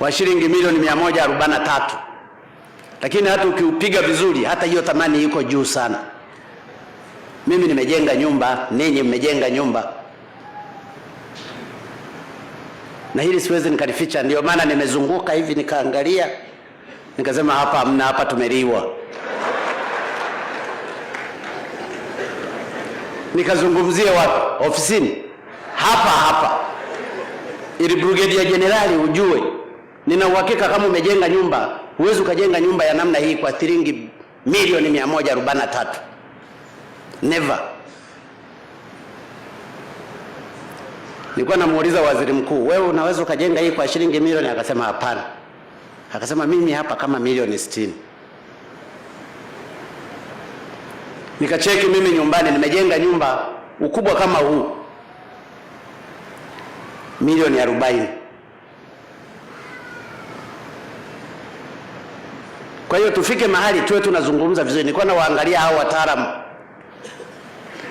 wa shilingi milioni 143, lakini hata ukiupiga vizuri, hata hiyo thamani iko juu sana. Mimi nimejenga nyumba, ninyi mmejenga nyumba, na hili siwezi nikalificha. Ndio maana nimezunguka hivi nikaangalia, nikasema hapa hamna, hapa tumeliwa. Nikazungumzie wapi? Ofisini hapa hapa, ili brigadier jenerali ujue Nina uhakika kama umejenga nyumba, huwezi ukajenga nyumba ya namna hii kwa shilingi milioni mia tatu. Never. Nilikuwa namuuliza waziri mkuu, wewe unaweza ukajenga hii kwa shilingi milioni? Akasema hapana. Akasema mimi hapa kama milioni sitini. Nikacheki mimi nyumbani, nimejenga nyumba ukubwa kama huu, milioni arobaini. Kwa hiyo tufike mahali tuwe tunazungumza vizuri. Nilikuwa nawaangalia hao wataalamu,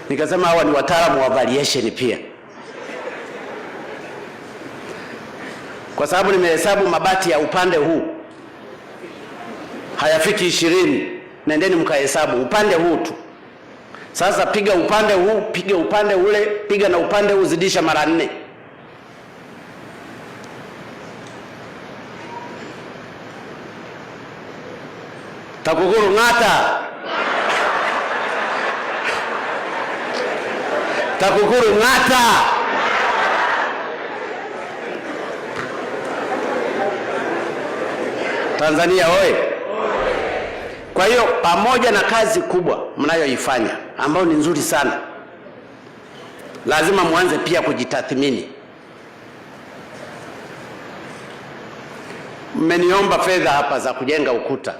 nikasema hawa ni wataalamu wa variation pia, kwa sababu nimehesabu mabati ya upande huu hayafiki ishirini. Nendeni mkahesabu upande huu tu. Sasa piga upande huu, piga upande ule, piga na upande huu, zidisha mara nne. TAKUKURU ng'ata, TAKUKURU ng'ata. Tanzania oye! Kwa hiyo pamoja na kazi kubwa mnayoifanya ambayo ni nzuri sana, lazima mwanze pia kujitathmini. Mmeniomba fedha hapa za kujenga ukuta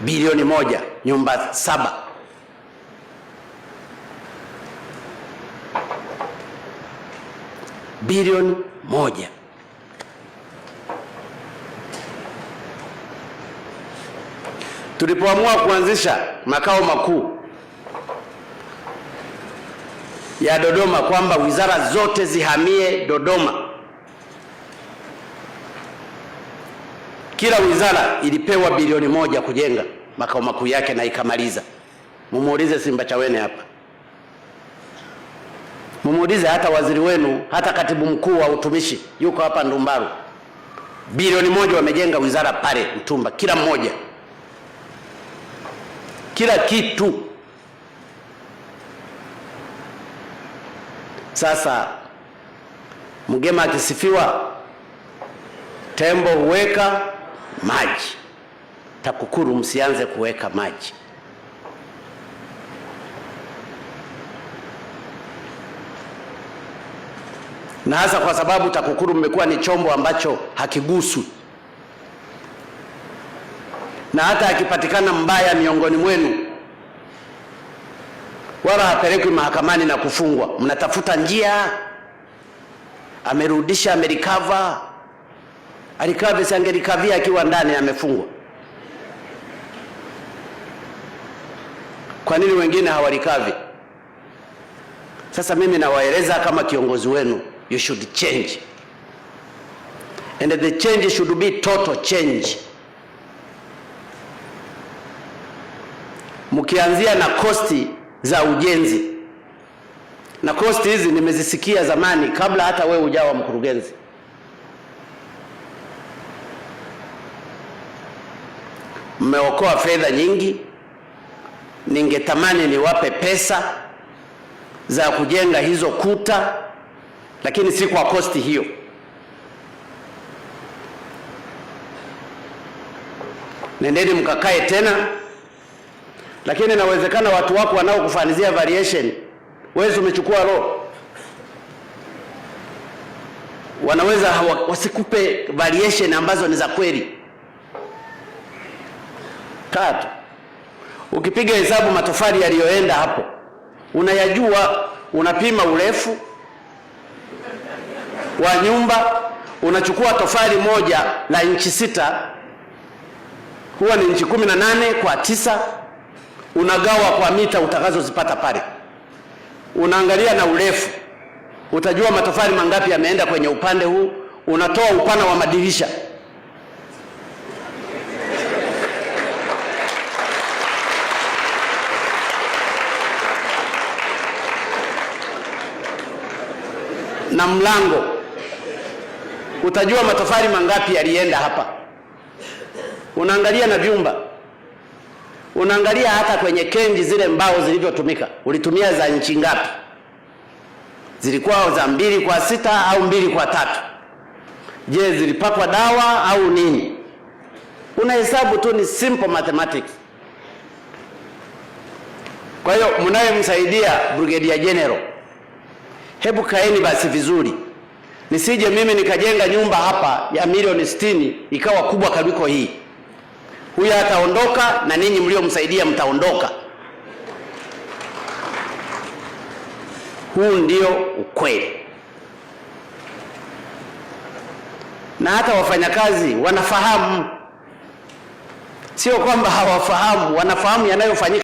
bilioni moja nyumba saba. Bilioni moja. Tulipoamua kuanzisha makao makuu ya Dodoma kwamba wizara zote zihamie Dodoma Kila wizara ilipewa bilioni moja kujenga makao makuu yake na ikamaliza. Mumuulize Simba Chawene hapa, mumuulize hata waziri wenu, hata katibu mkuu wa utumishi yuko hapa Ndumbaru, bilioni moja wamejenga wizara pale Mtumba, kila mmoja, kila kitu. Sasa Mgema akisifiwa tembo huweka maji. TAKUKURU msianze kuweka maji. Na hasa kwa sababu TAKUKURU mmekuwa ni chombo ambacho hakiguswi, na hata akipatikana mbaya miongoni mwenu wala hapelekwi mahakamani na kufungwa, mnatafuta njia, amerudisha, amerikava Alikavi sangelikavia akiwa ndani amefungwa. Kwa nini wengine hawalikavi? Sasa mimi nawaeleza kama kiongozi wenu, you should change and the change should be total change. Mkianzia na kosti za ujenzi, na kosti hizi nimezisikia zamani kabla hata wewe ujawa mkurugenzi. mmeokoa fedha nyingi. Ningetamani niwape pesa za kujenga hizo kuta, lakini si kwa kosti hiyo. Nendeni mkakae tena, lakini inawezekana watu wako wanaokufanizia variation, wewe umechukua roho, wanaweza wasikupe variation ambazo ni za kweli. Tatu, ukipiga hesabu matofali yaliyoenda hapo unayajua, unapima urefu wa nyumba, unachukua tofali moja la inchi sita huwa ni inchi kumi na nane kwa tisa unagawa kwa mita utakazozipata pale, unaangalia na urefu, utajua matofali mangapi yameenda kwenye upande huu, unatoa upana wa madirisha na mlango, utajua matofali mangapi yalienda hapa. Unaangalia na vyumba, unaangalia hata kwenye kenji zile mbao zilivyotumika, ulitumia za nchi ngapi? Zilikuwa za mbili kwa sita au mbili kwa tatu? Je, zilipakwa dawa au nini? Unahesabu tu, ni simple mathematics. Kwa hiyo mnayemsaidia brigadier general Hebu kaeni basi vizuri, nisije mimi nikajenga nyumba hapa ya milioni sitini ikawa kubwa kuliko hii. Huyu ataondoka na ninyi mliomsaidia mtaondoka. Huu ndio ukweli, na hata wafanyakazi wanafahamu, sio kwamba hawafahamu, wanafahamu yanayofanyika.